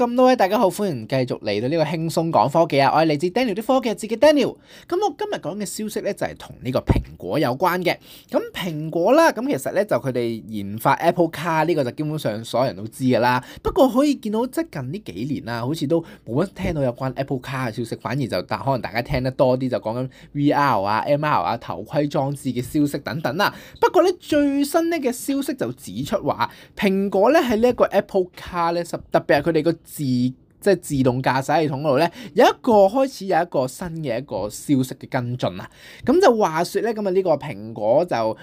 咁多位大家好，歡迎繼續嚟到呢個輕鬆講科技啊！我係嚟自 Daniel 啲科技，自己 Daniel。咁我今日講嘅消息咧就係同呢個蘋果有關嘅。咁蘋果啦，咁其實咧就佢哋研發 Apple Car 呢個就基本上所有人都知噶啦。不過可以見到即近呢幾年啊，好似都冇乜聽到有關 Apple Car 嘅消息，反而就但可能大家聽得多啲就講緊 VR 啊、MR 啊頭盔裝置嘅消息等等啦。不過咧最新呢嘅消息就指出話，蘋果咧喺呢一個 Apple Car 咧，特別係佢哋個。自即係自動駕駛系統度咧，有一個開始有一個新嘅一個消息嘅跟進啊！咁就話說咧，咁啊呢個蘋果就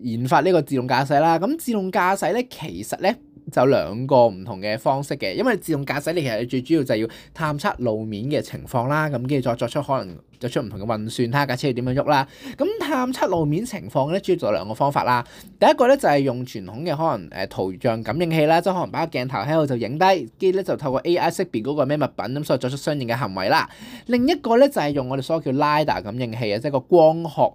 研發呢個自動駕駛啦。咁自動駕駛咧，其實咧。就兩個唔同嘅方式嘅，因為自動駕駛你其實你最主要就係要探測路面嘅情況啦，咁跟住再作出可能作出唔同嘅運算，睇下架車要點樣喐啦。咁探測路面情況咧，主要做兩個方法啦。第一個咧就係用傳統嘅可能誒圖像感應器啦，即係可能擺個鏡頭喺度就影低，跟住咧就透過 AI 識別嗰個咩物品，咁所以作出相應嘅行為啦。另一個咧就係用我哋所謂叫 Lidar 感應器啊，即係個光學，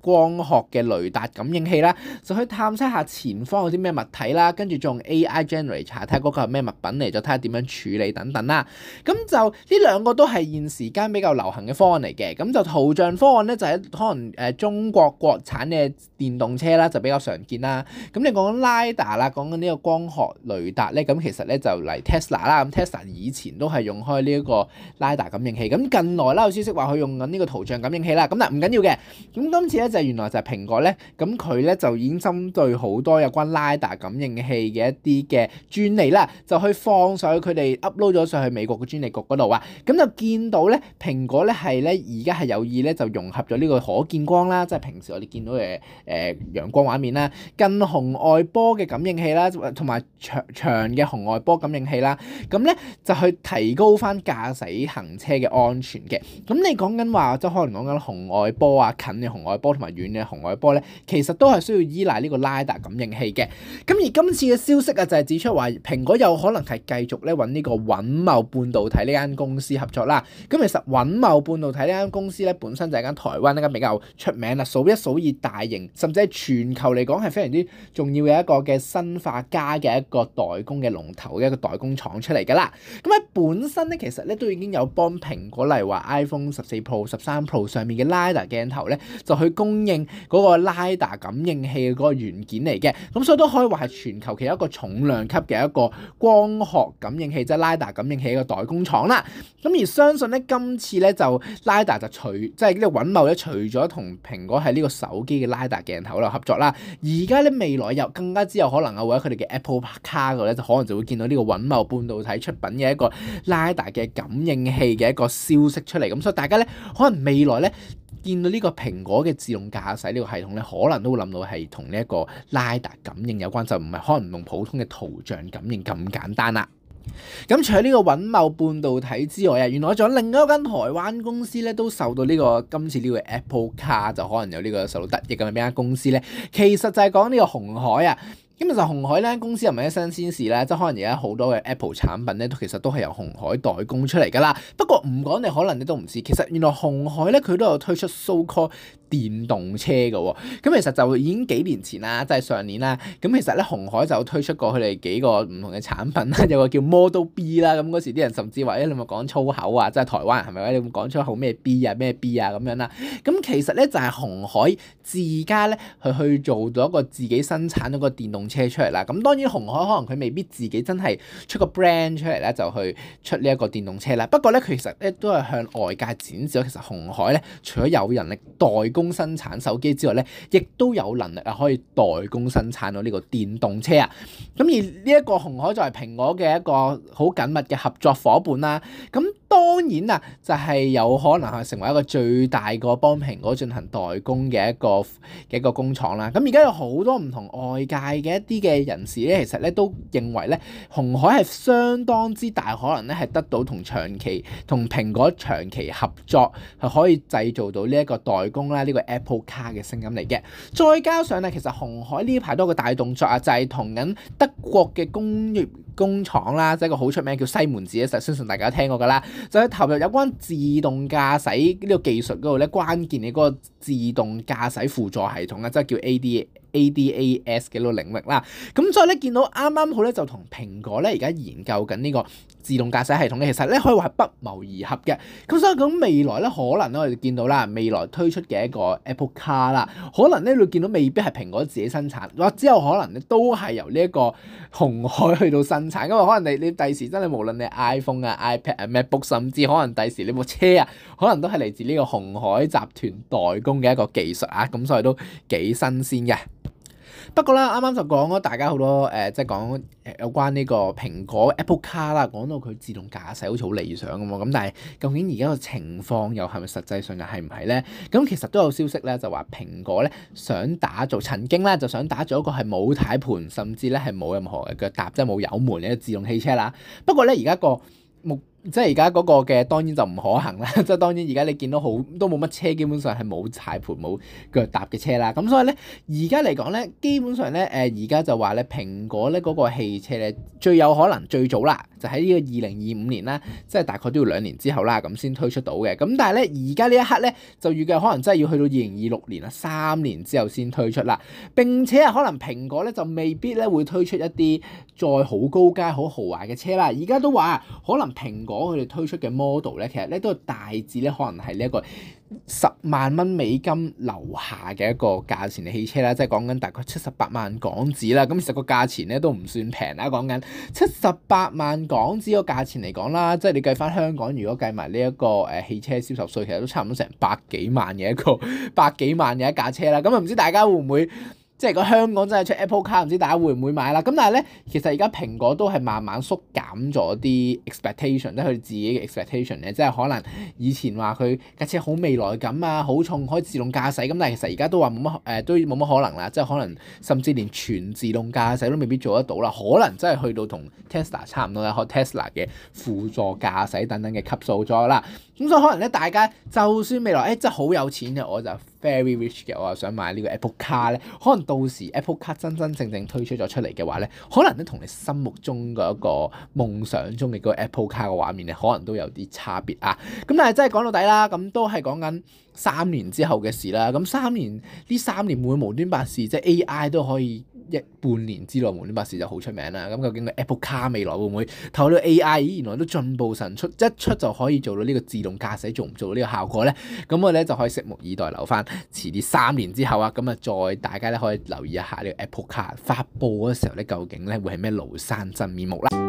光學嘅雷達感應器啦，就可以探測下前方有啲咩物體啦，跟住仲用 AI generate 查睇下嗰個係咩物品嚟，再睇下點樣處理等等啦。咁就呢兩個都係現時間比較流行嘅方案嚟嘅。咁就圖像方案咧，就係、是、可能誒中國國產嘅電動車啦，就比較常見啦。咁你講緊 Lidar 啦，講緊呢個光學雷達咧，咁其實咧就嚟 Tesla 啦。咁 Tesla 以前都係用開呢一個 Lidar 感應器，咁近來啦有消息話佢用緊呢個圖像感應器啦。咁嗱，唔緊要嘅。咁今次咧。就原來就係蘋果咧，咁佢咧就已經針對好多有關 LiDAR 感應器嘅一啲嘅專利啦，就去放上去佢哋 upload 咗上去美國嘅專利局嗰度啊。咁就見到咧，蘋果咧係咧而家係有意咧就融合咗呢個可見光啦，即係平時我哋見到嘅誒陽光畫面啦，近紅外波嘅感應器啦，同埋長長嘅紅外波感應器啦，咁咧就去提高翻駕駛行車嘅安全嘅。咁你講緊話即可能講緊紅外波啊，近紅外波。同埋遠嘅紅外波咧，其實都係需要依賴呢個 LiDAR 感應器嘅。咁而今次嘅消息啊，就係指出話蘋果有可能係繼續咧揾呢個穩懋半導體呢間公司合作啦。咁其實穩懋半導體呢間公司咧，本身就係間台灣呢間比較出名啦、數一數二大型，甚至係全球嚟講係非常之重要嘅一個嘅砷化鎵嘅一個代工嘅龍頭嘅一個代工廠出嚟㗎啦。咁喺本身咧，其實咧都已經有幫蘋果例如話 iPhone 十四 Pro、十三 Pro 上面嘅 LiDAR 鏡頭咧，就去供供應嗰個 LiDAR 感應器嗰個元件嚟嘅，咁所以都可以話係全球其一個重量級嘅一個光學感應器即係 LiDAR 感應器一個代工廠啦。咁而相信咧，今次咧就 LiDAR 就除即係、就是、呢個穩懋咧，除咗同蘋果喺呢個手機嘅 LiDAR 鏡頭度合作啦，而家咧未來又更加之有可能啊，為咗佢哋嘅 Apple Car 嘅咧，就可能就會見到呢個穩懋半導體出品嘅一個 LiDAR 嘅感應器嘅一個消息出嚟。咁所以大家咧可能未來咧。見到呢個蘋果嘅自動駕駛呢個系統咧，可能都會諗到係同呢一個拉達感應有關，就唔係可能用普通嘅圖像感應咁簡單啦。咁除咗呢個穩懋半導體之外啊，原來仲有另外一間台灣公司咧都受到呢個今次呢個 Apple Car 就可能有呢個受到得益，咁係邊間公司咧？其實就係講呢個鴻海啊。咁其實鴻海咧，公司又唔係一新鮮事咧，即係可能而家好多嘅 Apple 產品咧，都其實都係由鴻海代工出嚟㗎啦。不過唔講你可能你都唔知，其實原來鴻海咧，佢都有推出 SoC。電動車嘅喎、哦，咁其實就已經幾年前啦，即係上年啦。咁其實咧，鴻海就推出過佢哋幾個唔同嘅產品啦，有個叫 Model B 啦。咁嗰時啲人甚至話，誒、哎、你咪講粗口啊！即係台灣係咪你會講粗口咩 B 啊、咩 B 啊咁樣啦。咁其實咧就係、是、鴻海自家咧，去去做咗個自己生產咗個電動車出嚟啦。咁當然鴻海可能佢未必自己真係出個 brand 出嚟咧，就去出呢一個電動車啦。不過咧，佢其實咧都係向外界展示，其實鴻海咧除咗有人力代工生產手機之外咧，亦都有能力啊，可以代工生產到呢、這個電動車啊。咁而呢一個鴻海作為蘋果嘅一個好緊密嘅合作伙伴啦。咁、嗯、當然啊，就係、是、有可能係成為一個最大個幫蘋果進行代工嘅一個嘅一個工廠啦。咁而家有好多唔同外界嘅一啲嘅人士咧，其實咧都認為咧，鴻海係相當之大可能咧，係得到同長期同蘋果長期合作，係可以製造到呢一個代工啦。呢個 Apple 卡嘅聲音嚟嘅，再加上咧，其實紅海呢排都有一個大動作啊，就係同緊德國嘅工業工廠啦，即、就、係、是、一個好出名叫西門子啊，相信大家都聽過噶啦，就係、是、投入有關自動駕駛呢個技術嗰度咧，關鍵嘅嗰個自動駕駛輔助系統啊，即、就、係、是、叫 a d ADAS 嘅呢個領域啦，咁所以咧見到啱啱好咧就同蘋果咧而家研究緊呢個自動駕駛系統咧，其實咧可以話係不謀而合嘅。咁所以咁未來咧可能咧我哋見到啦，未來推出嘅一個 Apple Car 啦，可能咧你見到未必係蘋果自己生產，或者有可能咧都係由呢一個紅海去到生產。因為可能你你第時真係無論你 iPhone 啊、iPad 啊、MacBook，甚至可能第時你部車啊，可能都係嚟自呢個紅海集團代工嘅一個技術啊，咁所以都幾新鮮嘅。不過啦，啱啱就講咗大家好多誒、呃，即係講、呃、有關呢個蘋果 Apple Car 啦，講到佢自動駕駛好似好理想咁，咁但係究竟而家個情況又係咪實際上又係唔係咧？咁其實都有消息咧，就話蘋果咧想打造，曾經咧就想打造一個係冇軚盤，甚至咧係冇任何腳踏，即係冇油門嘅自動汽車啦。不過咧，而家、嗰個目即係而家個嘅當然就唔可行啦，即係當然而家你見到好都冇乜車基本上係冇踩盤冇腳踏嘅車啦。咁所以咧，而家嚟講咧，基本上咧，誒而家就話咧，蘋果咧、嗰個汽車咧，最有可能最早啦，就喺呢個二零二五年啦，即係大概都要兩年之後啦，咁先推出到嘅。咁但係咧，而家呢一刻咧，就預計可能真係要去到二零二六年啦，三年之後先推出啦。並且啊，可能蘋果咧就未必咧會推出一啲再好高階好豪華嘅車啦。而家都話可能蘋果。講佢哋推出嘅 model 咧，其實咧都係大致咧，可能係呢一個十萬蚊美金樓下嘅一個價錢嘅汽車啦，即係講緊大概七十八萬港紙啦。咁其實個價錢咧都唔算平啦，講緊七十八萬港紙個價錢嚟講啦，即係你計翻香港，如果計埋呢一個誒汽車銷售稅，其實都差唔多成百幾萬嘅一個百幾 萬嘅一架車啦。咁、嗯、啊，唔知大家會唔會？即係個香港真係出 Apple Car，唔知大家會唔會買啦？咁但係咧，其實而家蘋果都係慢慢縮減咗啲 expectation, expectation，即係佢自己嘅 expectation 嘅，即係可能以前話佢架車好未來感啊，好重，可以自動駕駛咁，但係其實而家都話冇乜誒，都冇乜可能啦。即係可能甚至連全自動駕駛都未必做得到啦，可能真係去到同 Tesla 差唔多啦，學 Tesla 嘅輔助駕駛等等嘅級數咗啦。咁所以可能咧，大家就算未來誒、哎、真係好有錢嘅，我就～Very rich 嘅 kind of、so, so sure，我又想買呢個 Apple Car 咧。可能到時 Apple Car 真真正正推出咗出嚟嘅話咧，可能咧同你心目中嘅一個夢想中嘅嗰個 Apple Car 嘅畫面咧，可能都有啲差別啊。咁但係真係講到底啦，咁都係講緊三年之後嘅事啦。咁三年呢三年會唔會無端百事？即係 AI 都可以。一半年之內，門檻百事就好出名啦。咁究竟個 Apple Car 未來會唔會透過 AI？原來都進步神速一出就可以做到呢個自動駕駛，做唔做到呢個效果呢？咁我咧就可以拭目以待留，留翻遲啲三年之後啊，咁啊再大家咧可以留意一下呢個 Apple Car 發布嘅時候咧，究竟咧會係咩廬山真面目啦？